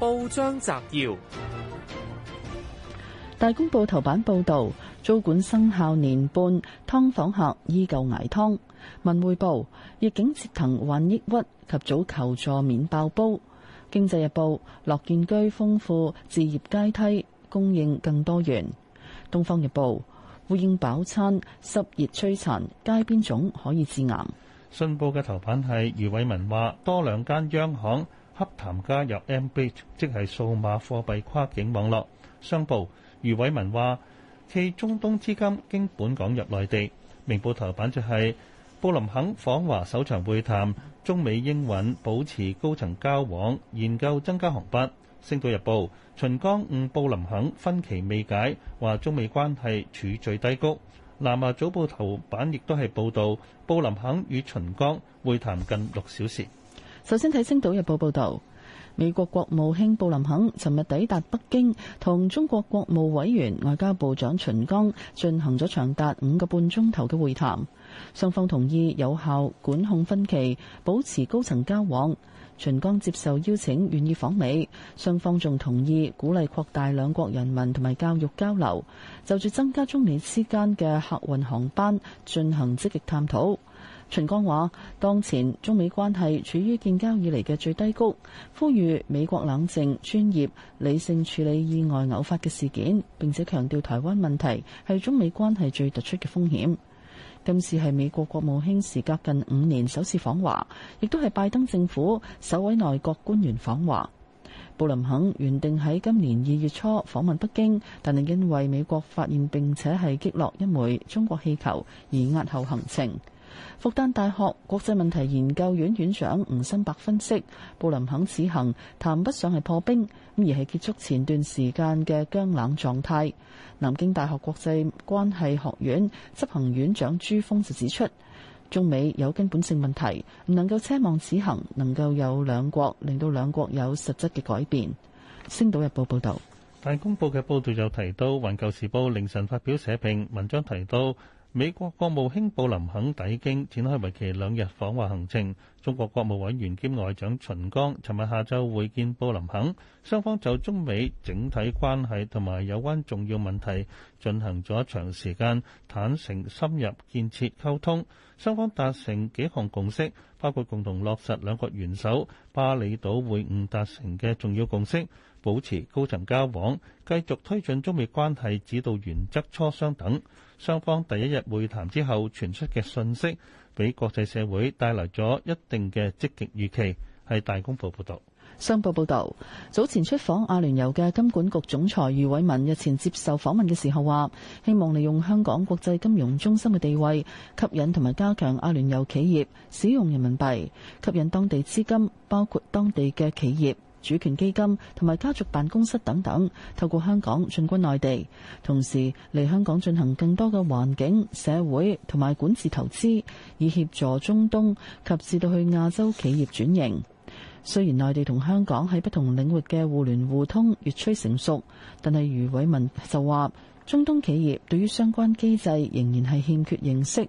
報章摘要：大公報頭版報道，租管生效年半，劏房客依舊捱劏。文匯報：逆境折騰患抑鬱，及早求助免爆煲。經濟日報：樂建居豐富置業階梯，供應更多元。東方日報：呼應飽餐濕熱摧殘，街邊種可以致癌。信報嘅頭版係余偉文話：多兩間央行。洽談加入 mBridge 即係數碼貨幣跨境網絡。商報余偉文話，其中東資金經本港入內地。明報頭版就係布林肯訪華首場會談，中美英允保持高層交往，研究增加航班。星島日報秦剛晤布林肯分歧未解，話中美關係處最低谷。南華早報頭版亦都係報導布林肯與秦剛會談近六小時。首先睇《星島日報》報導，美國國務卿布林肯尋日抵達北京，同中國國務委員、外交部長秦剛進行咗長達五個半鐘頭嘅會談。雙方同意有效管控分歧，保持高層交往。秦剛接受邀請，願意訪美。雙方仲同意鼓勵擴大兩國人民同埋教育交流，就住增加中美之間嘅客運航班進行積極探討。秦剛話，當前中美關係處於建交以嚟嘅最低谷，呼籲美國冷靜、專業、理性處理意外偶發嘅事件，並且強調台灣問題係中美關係最突出嘅風險。今次係美國國務卿時隔近五年首次訪華，亦都係拜登政府首位內閣官員訪華。布林肯原定喺今年二月初訪問北京，但係因為美國發現並且係擊落一枚中國氣球而押後行程。復旦大學國際問題研究院院長吳心伯分析，布林肯此行談不上係破冰，而係結束前段時間嘅僵冷狀態。南京大學國際關係學院執行院長朱鋒就指出，中美有根本性問題，唔能夠奢望此行能夠有兩國令到兩國有實質嘅改變。星島日報報道，但公布嘅報道就提到，《環球時報》凌晨發表社評文章提到。美國國務卿布林肯抵京，展開為期兩日訪華行程。中國國務委員兼外長秦剛尋日下晝會見布林肯，雙方就中美整體關係同埋有關重要問題進行咗長時間坦誠深入建設溝通，雙方達成幾項共識，包括共同落實兩國元首巴厘島會晤達成嘅重要共識。保持高層交往，繼續推進中美關係指導原則磋商等。雙方第一日會談之後傳出嘅信息，俾國際社會帶來咗一定嘅積極預期。係大公報報道。商報報道，早前出訪阿聯酋嘅金管局總裁余偉文日前接受訪問嘅時候話，希望利用香港國際金融中心嘅地位，吸引同埋加強阿聯酋企業使用人民幣，吸引當地資金，包括當地嘅企業。主權基金同埋家族辦公室等等，透過香港進軍內地，同時嚟香港進行更多嘅環境、社會同埋管治投資，以協助中東及至到去亞洲企業轉型。雖然內地同香港喺不同領域嘅互聯互通越趨成熟，但係余偉文就話，中東企業對於相關機制仍然係欠缺認識。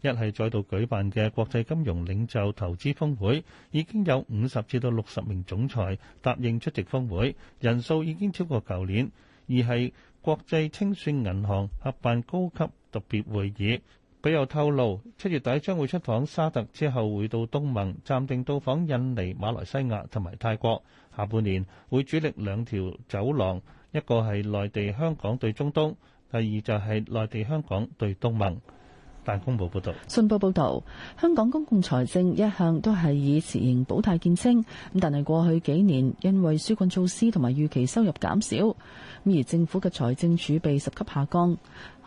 一係再度舉辦嘅國際金融領袖投資峯會，已經有五十至到六十名總裁答應出席峯會，人數已經超過舊年。二係國際清算銀行合辦高級特別會議，佢又透露，七月底將會出訪沙特，之後會到東盟，暫定到訪印尼、馬來西亞同埋泰國。下半年會主力兩條走廊，一個係內地香港對中東，第二就係內地香港對東盟。彭冠抱報道，信報報道，香港公共財政一向都係以持盈保泰見稱，咁但係過去幾年因為紓困措施同埋預期收入減少，咁而政府嘅財政儲備十級下降。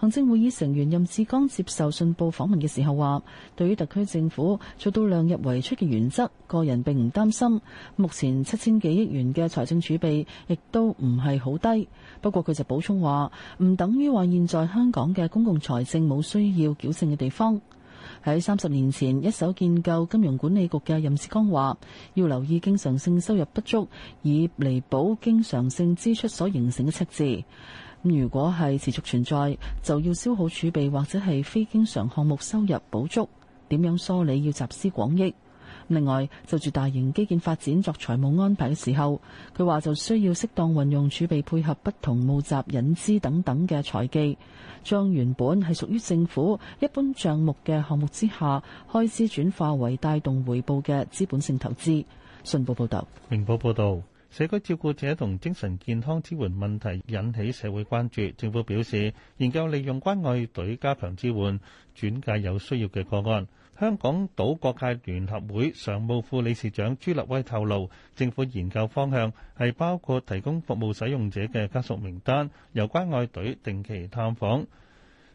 行政會議成員任志剛接受信報訪問嘅時候話，對於特區政府做到量入為出嘅原則，個人並唔擔心。目前七千幾億元嘅財政儲備，亦都唔係好低。不過佢就補充話，唔等於話現在香港嘅公共財政冇需要矯正嘅地方。喺三十年前一手建構金融管理局嘅任志剛話，要留意經常性收入不足，以彌補經常性支出所形成嘅赤字。如果係持續存在，就要消耗儲備或者係非經常項目收入補足。點樣梳理要集思廣益。另外，就住大型基建發展作財務安排嘅時候，佢話就需要適當運用儲備配合不同募集、引資等等嘅財技，將原本係屬於政府一般賬目嘅項目之下開支轉化為帶動回報嘅資本性投資。信報報道，明報報道。社區照顧者同精神健康支援問題引起社會關注，政府表示研究利用關愛隊加強支援，轉介有需要嘅個案。香港島各界聯合會常務副理事長朱立威透露，政府研究方向係包括提供服務使用者嘅家屬名單，由關愛隊定期探訪。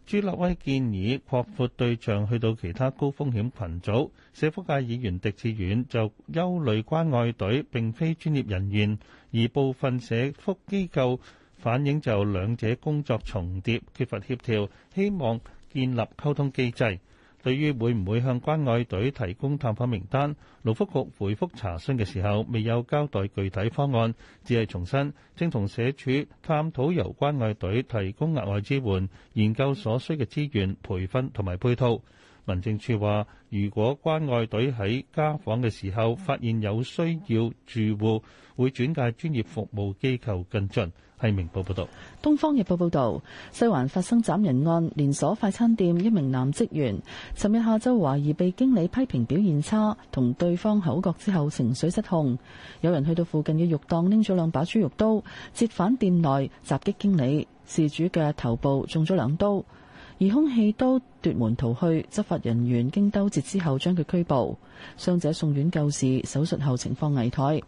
朱立威建議擴闊對象去到其他高風險群組，社福界議員狄志遠就憂慮關愛隊並非專業人員，而部分社福機構反映就兩者工作重疊，缺乏協調，希望建立溝通機制。對於會唔會向關愛隊提供探訪名單，勞福局回覆查詢嘅時候，未有交代具體方案，只係重申正同社署探討由關，關愛隊提供額外支援，研究所需嘅資源、培訓同埋配套。民政處話，如果關愛隊喺家訪嘅時候發現有需要住戶，會轉介專業服務機構跟進。係明報報導。東方日報報道，西環發生斬人案，連鎖快餐店一名男職員尋日下晝懷疑被經理批評表現差，同對方口角之後情緒失控，有人去到附近嘅肉檔拎咗兩把豬肉刀，折返店內襲擊經理，事主嘅頭部中咗兩刀。疑兇棄刀奪門逃去，執法人員經兜截之後將佢拘捕。傷者送院救治，手術後情況危殆。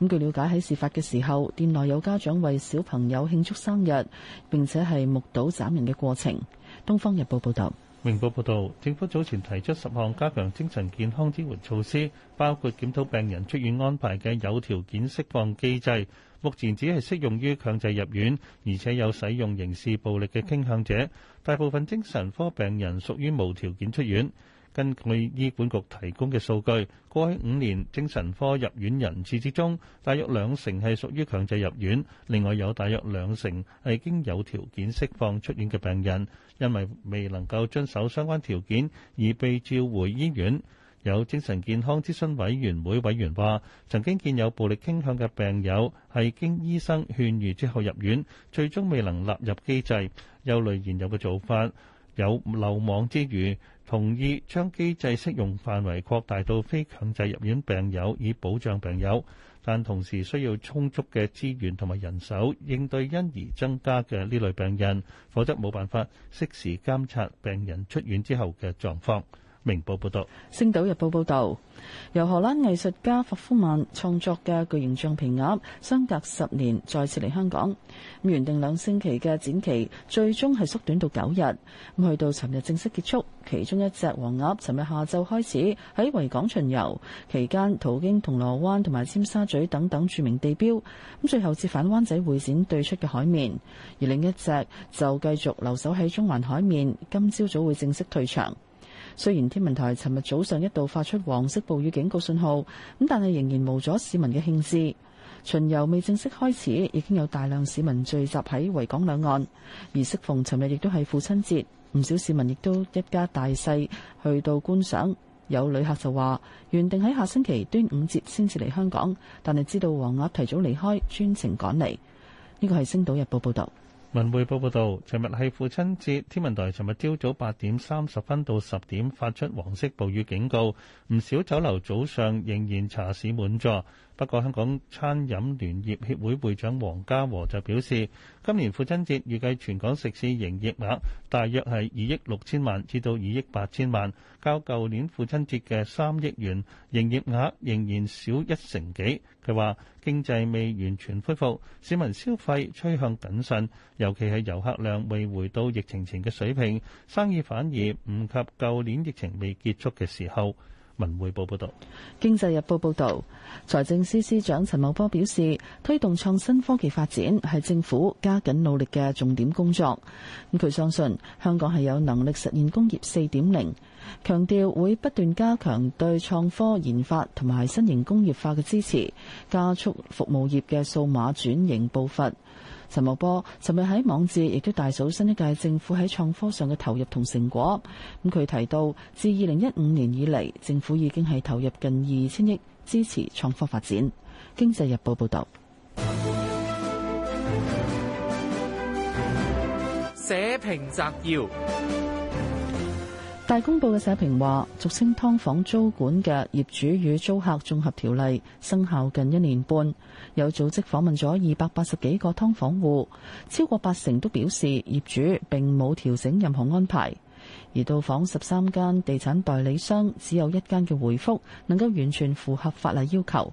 咁據了解喺事發嘅時候，店內有家長為小朋友慶祝生日，並且係目睹斬人嘅過程。《東方日報》報道。明報報道，政府早前提出十項加強精神健康支援措施，包括檢討病人出院安排嘅有條件釋放機制。目前只係適用於強制入院，而且有使用刑事暴力嘅傾向者。大部分精神科病人屬於無條件出院。根據醫管局提供的數據，過去五年精神科入院人次之中，大約兩成是屬於強制入院，另外有大約兩成是經有條件釋放出院的病人，因為未能夠遵守相關條件，而被召回醫院。有精神健康諮詢委員會委員話，曾經見有暴力傾向的病友，是經醫生勸喻之後入院，最終未能納入機制，有類現有的做法。有漏網之餘，同意將機制適用範圍擴大到非強制入院病友，以保障病友。但同時需要充足嘅資源同埋人手，應對因而增加嘅呢類病人，否則冇辦法適時監察病人出院之後嘅狀況。明報報道，星島日報報道，由荷蘭藝術家霍夫曼創作嘅巨型橡皮鴨相隔十年再次嚟香港。咁原定兩星期嘅展期，最終係縮短到九日。咁去到尋日正式結束。其中一隻黃鴨尋日下晝開始喺維港巡遊，期間途經銅鑼灣同埋尖沙咀等等著名地標，咁最後折返灣仔會展對出嘅海面，而另一隻就繼續留守喺中環海面，今朝早會正式退場。雖然天文台尋日早上一度發出黃色暴雨警告信號，咁但係仍然無阻市民嘅興致。巡遊未正式開始，已經有大量市民聚集喺維港兩岸。而適逢尋日亦都係父親節，唔少市民亦都一家大細去到觀賞。有旅客就話，原定喺下星期端午節先至嚟香港，但係知道黃鴨提早離開，專程趕嚟。呢、這個係星島日報報道。文匯報報道，尋日係父親節，天文台尋日朝早八點三十分到十點發出黃色暴雨警告，唔少酒樓早上仍然茶市滿座。不過，香港餐飲聯業協會會長黃家和就表示，今年父親節預計全港食肆營業額大約係二億六千萬至到二億八千萬，較舊年父親節嘅三億元營業額仍然少一成幾。佢話經濟未完全恢復，市民消費趨向謹慎，尤其係遊客量未回到疫情前嘅水平，生意反而唔及舊年疫情未結束嘅時候。文匯報報道。《經濟日報》報道，財政司司長陳茂波表示，推動創新科技發展係政府加緊努力嘅重點工作。咁佢相信香港係有能力實現工業四點零。強調會不斷加強對創科研發同埋新型工業化嘅支持，加速服務業嘅數碼轉型步伐。陳茂波尋日喺網誌亦都大數新一屆政府喺創科上嘅投入同成果。咁佢提到，自二零一五年以嚟，政府已經係投入近二千億支持創科發展。經濟日報報道。社評摘要。大公報嘅社評話：俗稱劏房租管嘅業主與租客綜合條例生效近一年半，有組織訪問咗二百八十幾個劏房戶，超過八成都表示業主並冇調整任何安排，而到訪十三間地產代理商，只有一間嘅回覆能夠完全符合法例要求。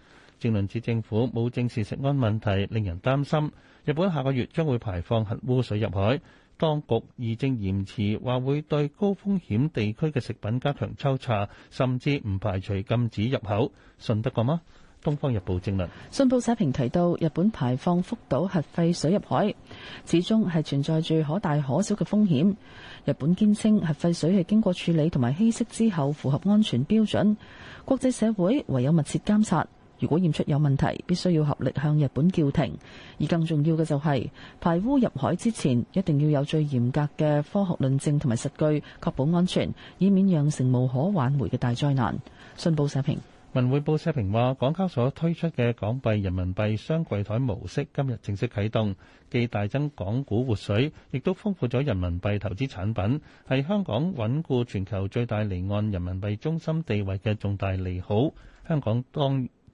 政論指政府冇正視食安問題，令人擔心。日本下個月將會排放核污水入海，當局議政延遲，話會對高風險地區嘅食品加強抽查，甚至唔排除禁止入口，信得過嗎？《東方日報》政論。信報社評提到，日本排放福島核廢水入海，始終係存在住可大可小嘅風險。日本堅稱核廢水係經過處理同埋稀釋之後，符合安全標準。國際社會唯有密切監察。如果驗出有問題，必須要合力向日本叫停。而更重要嘅就係排污入海之前，一定要有最嚴格嘅科學論證同埋實據，確保安全，以免釀成無可挽回嘅大災難。信報社評，文匯報社評話，港交所推出嘅港幣人民幣雙櫃台模式今日正式啟動，既大增港股活水，亦都豐富咗人民幣投資產品，係香港穩固全球最大離岸人民幣中心地位嘅重大利好。香港當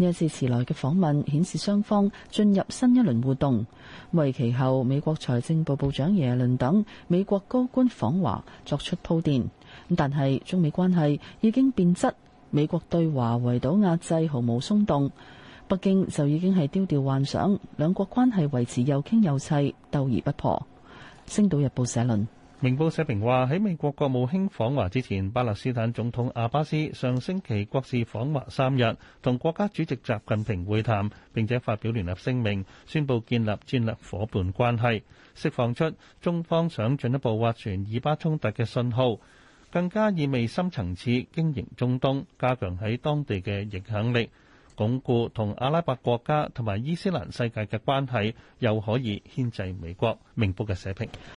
呢一次遲來嘅訪問顯示雙方進入新一輪互動，為其後美國財政部部長耶倫等美國高官訪華作出鋪墊。但係中美關係已經變質，美國對華圍堵壓制毫無鬆動，北京就已經係丟掉幻想。兩國關係維持又傾又砌，鬥而不破。星島日報社論。明報社評話：喺美國國務卿訪華之前，巴勒斯坦總統阿巴斯上星期國事訪華三日，同國家主席習近平會談，並且發表聯合聲明，宣布建立戰略夥伴關係，釋放出中方想進一步斡旋以巴衝突嘅信號，更加意味深層次經營中東，加強喺當地嘅影響力，鞏固同阿拉伯國家同埋伊斯蘭世界嘅關係，又可以牽制美國。明報嘅社評。